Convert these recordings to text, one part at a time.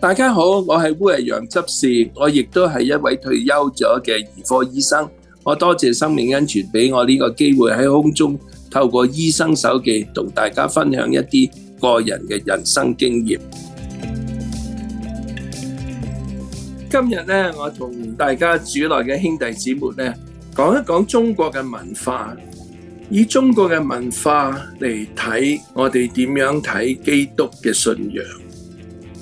大家好，我係烏日陽執事，我亦都係一位退休咗嘅兒科醫生。我多謝生命恩泉俾我呢個機會喺空中透過醫生手記同大家分享一啲個人嘅人生經驗。今日呢，我同大家主內嘅兄弟姊妹呢，講一講中國嘅文化，以中國嘅文化嚟睇，我哋點樣睇基督嘅信仰。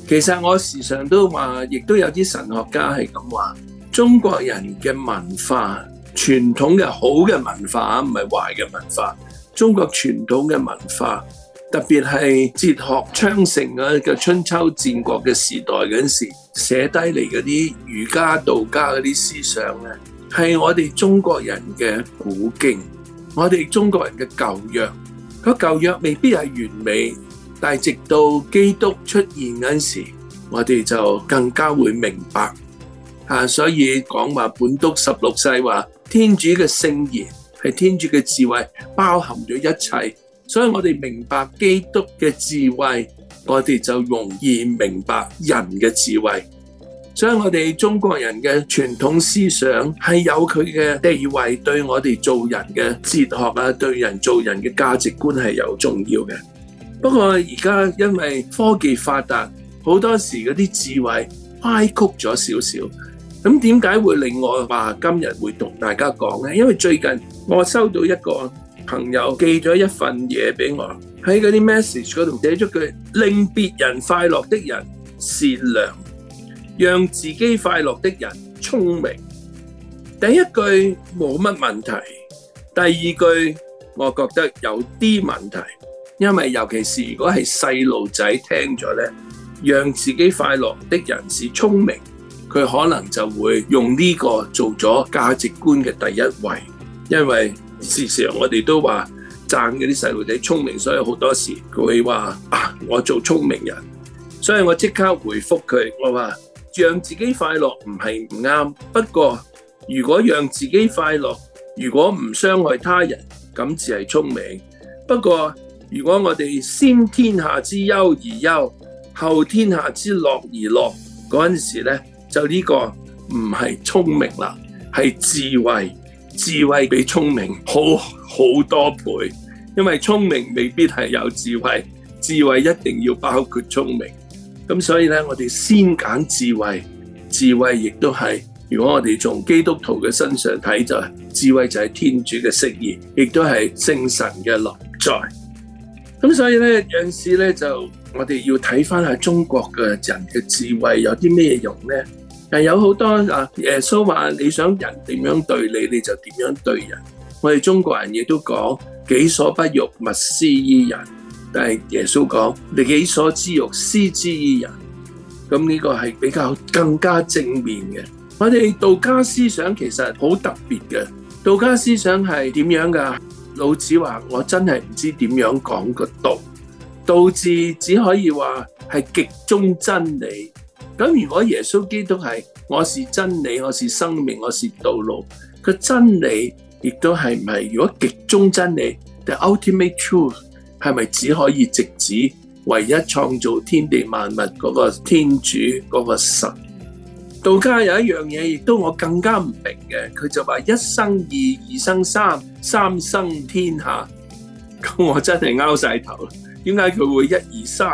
其實我時常都話，亦都有啲神學家係咁話：中國人嘅文化，傳統嘅好嘅文化，唔係壞嘅文化。中國傳統嘅文化，特別係哲學昌盛嘅、嗰個、春秋戰國嘅時代嗰陣時候，寫低嚟嗰啲儒家、道家嗰啲思想咧，係我哋中國人嘅古經，我哋中國人嘅舊約。嗰舊約未必係完美。但直到基督出現嗰時，我哋就更加會明白啊！所以講話本督十六世話，天主嘅聖言係天主嘅智慧，包含咗一切。所以我哋明白基督嘅智慧，我哋就容易明白人嘅智慧。所以我哋中國人嘅傳統思想係有佢嘅地位，對我哋做人嘅哲學啊，對人做人嘅價值觀係有重要嘅不過而家因為科技發達，好多時嗰啲智慧歪曲咗少少。咁點解會令我話今日會同大家講呢？因為最近我收到一個朋友寄咗一份嘢俾我，喺嗰啲 message 嗰度寫咗句：令別人快樂的人善良，讓自己快樂的人聰明。第一句冇乜問題，第二句我覺得有啲問題。因為尤其是如果係細路仔聽咗咧，讓自己快樂的人是聰明，佢可能就會用呢個做咗價值觀嘅第一位。因為時常我哋都話讚嗰啲細路仔聰明，所以好多時佢會話啊，我做聰明人，所以我即刻回覆佢，我話，讓自己快樂唔係唔啱，不過如果讓自己快樂，如果唔傷害他人，咁至係聰明。不過，如果我哋先天下之憂而憂，後天下之樂而樂，嗰陣時咧就呢個唔係聰明啦，係智慧，智慧比聰明好好多倍。因為聰明未必係有智慧，智慧一定要包括聰明。咁所以咧，我哋先揀智慧，智慧亦都係。如果我哋從基督徒嘅身上睇就係智慧，就係天主嘅釋義，亦都係聖神嘅臨在。咁所以咧，有陣時咧就我哋要睇翻下中國嘅人嘅智慧有啲咩用咧？係有好多啊！耶穌話：你想人點樣對你，你就點樣對人。我哋中國人亦都講：己所不欲，勿施於人。但係耶穌講：你己所之欲，施之於人。咁呢個係比較更加正面嘅。我哋道家思想其實好特別嘅。道家思想係點樣噶？老子話，我真係唔知點樣講個道，道字只可以話係極中真理。咁如果耶穌基督係我是真理，我是生命，我是道路，個真理亦都係咪？如果極中真理，the ultimate truth，係咪只可以直指唯一創造天地萬物嗰個天主嗰個神？道家有一樣嘢，亦都我更加唔明嘅。佢就話一生二，二生三，三生天下。咁我真係拗晒頭，點解佢會一二三？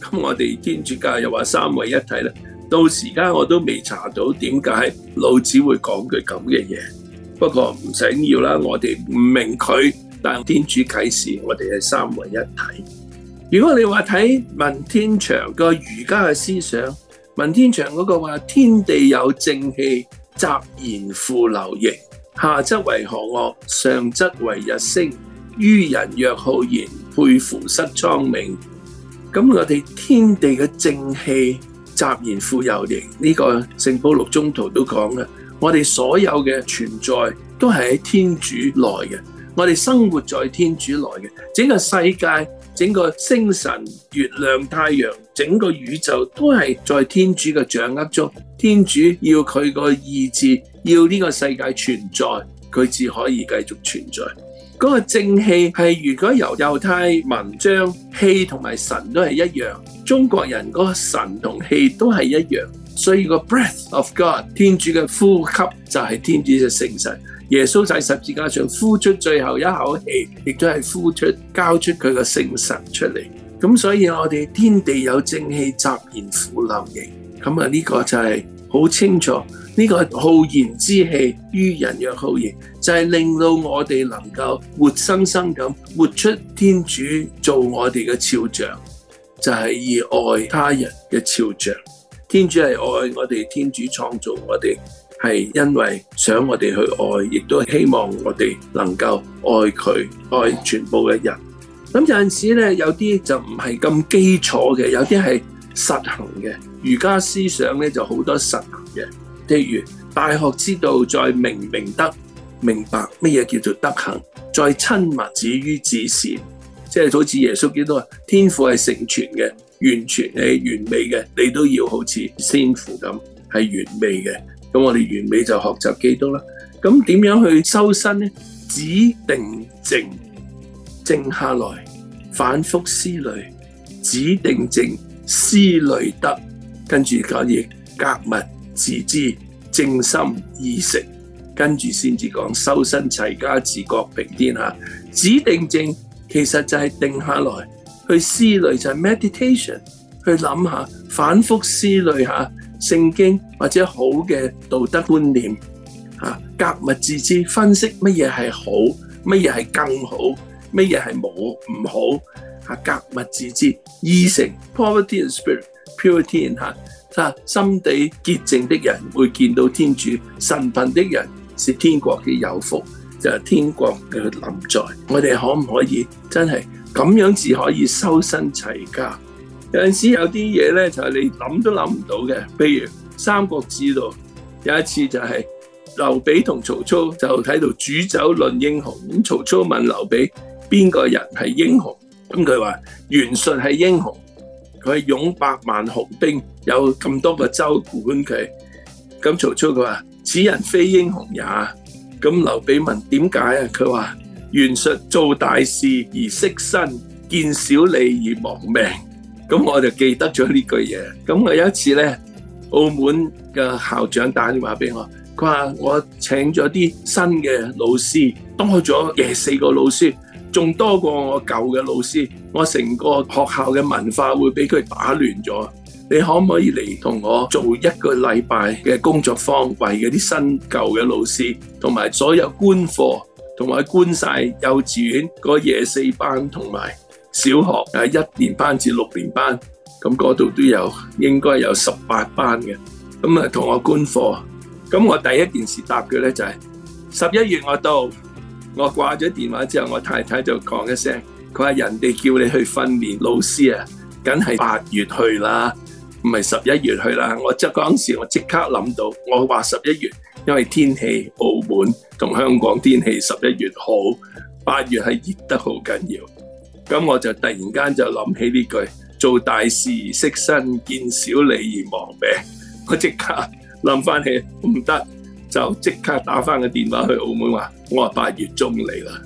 咁我哋天主教又話三位一體咧。到時間我都未查到點解老子會講句咁嘅嘢。不過唔緊要啦，我哋唔明佢，但天主啟示我哋係三位一體。如果你話睇文天祥個儒家嘅思想。文天祥嗰個話：天地有正氣，雜然賦流形。下則為河岳，上則為日星。於人曰浩然，沛乎塞蒼冥。咁我哋天地嘅正氣，雜然賦有形。呢、這個《聖保祿中途都講啦，我哋所有嘅存在都係喺天主內嘅。我哋生活在天主內嘅整個世界，整個星辰、月亮、太陽，整個宇宙都係在天主嘅掌握中。天主要佢個意志，要呢個世界存在，佢至可以繼續存在。嗰、那個正氣係，如果由猶太文章氣同埋神都係一樣，中國人嗰個神同氣都係一樣，所以個 Breath of God 天主嘅呼吸就係天主嘅聖神。耶穌喺十字架上呼出最後一口氣，亦都係呼出交出佢嘅聖神出嚟。咁所以我哋天地有正氣，雜然賦流形。咁啊呢個就係好清楚，呢、這個浩然之氣於人若浩然，就係、是、令到我哋能夠活生生咁活出天主做我哋嘅肖像，就係、是、以愛他人嘅肖像。天主係愛我哋，天主創造我哋。係因為想我哋去愛，亦都希望我哋能夠愛佢，愛全部嘅人。咁有陣時咧，有啲就唔係咁基礎嘅，有啲係實行嘅。儒家思想咧就好多實行嘅，例如大學之道，在明明德，明白乜嘢叫做德行，在親密止於至善，即係好似耶穌基督話天父係成全嘅，完全係完美嘅，你都要好似先父咁係完美嘅。咁我哋完美就學習基督啦。咁點樣去修身呢？止定靜，靜下來，反覆思慮。止定靜，思慮得，跟住講亦格物致知，正心而成。跟住先至講修身齊家治國平天下。止定靜其實就係定下來，去思慮就係 meditation，去諗下，反覆思慮下。聖經或者好嘅道德觀念，吓，格物致知，分析乜嘢係好，乜嘢係更好，乜嘢係冇唔好，吓，格物致知，意誠 poverty and spirit purity 吓，心地潔淨的人會見到天主，神貧的人是天國嘅有福，就係、是、天國嘅臨在。我哋可唔可以真係咁樣至可以修身齊家？有陣時有啲嘢咧，就係你諗都諗唔到嘅。譬如《三國志》度有一次就係劉備同曹操就喺度煮酒論英雄。咁曹操問劉備邊個人係英雄，咁佢話袁術係英雄，佢係擁百萬雄兵，有咁多個州管佢。咁曹操佢話此人非英雄也。咁劉備問點解啊？佢話袁術做大事而惜身，見小利而亡命。咁我就記得咗呢句嘢。咁我有一次咧，澳門嘅校長打電話俾我，佢話：我請咗啲新嘅老師，多咗廿四個老師，仲多過我舊嘅老師。我成個學校嘅文化會俾佢打亂咗。你可唔可以嚟同我做一個禮拜嘅工作坊，為嗰啲新舊嘅老師同埋所有官課，同埋官曬幼稚園嗰廿四班同埋。小學誒，一年班至六年班，咁嗰度都有，應該有十八班嘅。咁啊，同我觀課。咁我第一件事答佢咧就係十一月我到，我掛咗電話之後，我太太就講一聲，佢話人哋叫你去訓練老師啊，梗係八月去啦，唔係十一月去啦。我即嗰陣時，我即刻諗到，我話十一月，因為天氣，澳門同香港天氣十一月好，八月係熱得好緊要。咁我就突然間就諗起呢句，做大事而惜身，見小利而忘命。我即刻諗翻起唔得，就即刻打翻個電話去澳門話我話八月中嚟啦。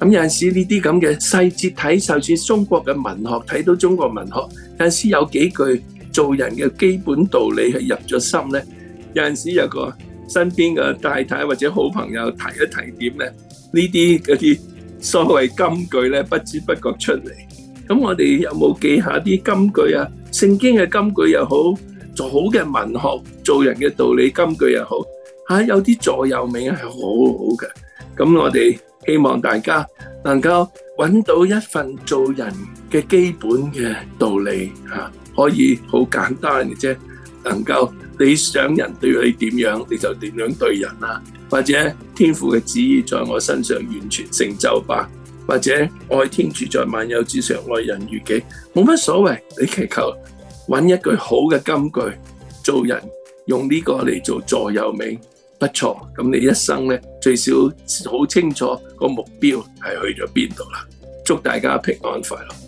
咁有陣時呢啲咁嘅細節睇，就算中國嘅文學睇到中國文學，有陣時有幾句做人嘅基本道理係入咗心咧。有陣時有個身邊嘅太太或者好朋友提一提點咧，呢啲嗰啲。所謂金句咧，不知不覺出嚟。咁我哋有冇記下啲金句啊？聖經嘅金句又好，做好嘅文學，做人嘅道理金句又好，嚇有啲座右銘係好好嘅。咁我哋希望大家能夠揾到一份做人嘅基本嘅道理嚇，可以好簡單嘅啫。能夠你想人對你點樣，你就點樣對人啊。或者天父嘅旨意在我身上完全成就吧。或者愛天主在萬有之上，愛人如己，冇乜所謂。你祈求揾一句好嘅金句，做人用呢個嚟做座右銘，不錯。咁你一生呢，最少好清楚個目標係去咗邊度啦。祝大家平安快樂。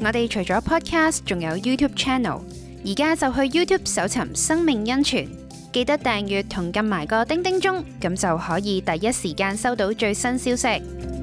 我哋除咗 Podcast，仲有 YouTube Channel，而家就去 YouTube 搜尋《生命恩泉》，記得訂閱同撳埋個叮叮鐘，咁就可以第一時間收到最新消息。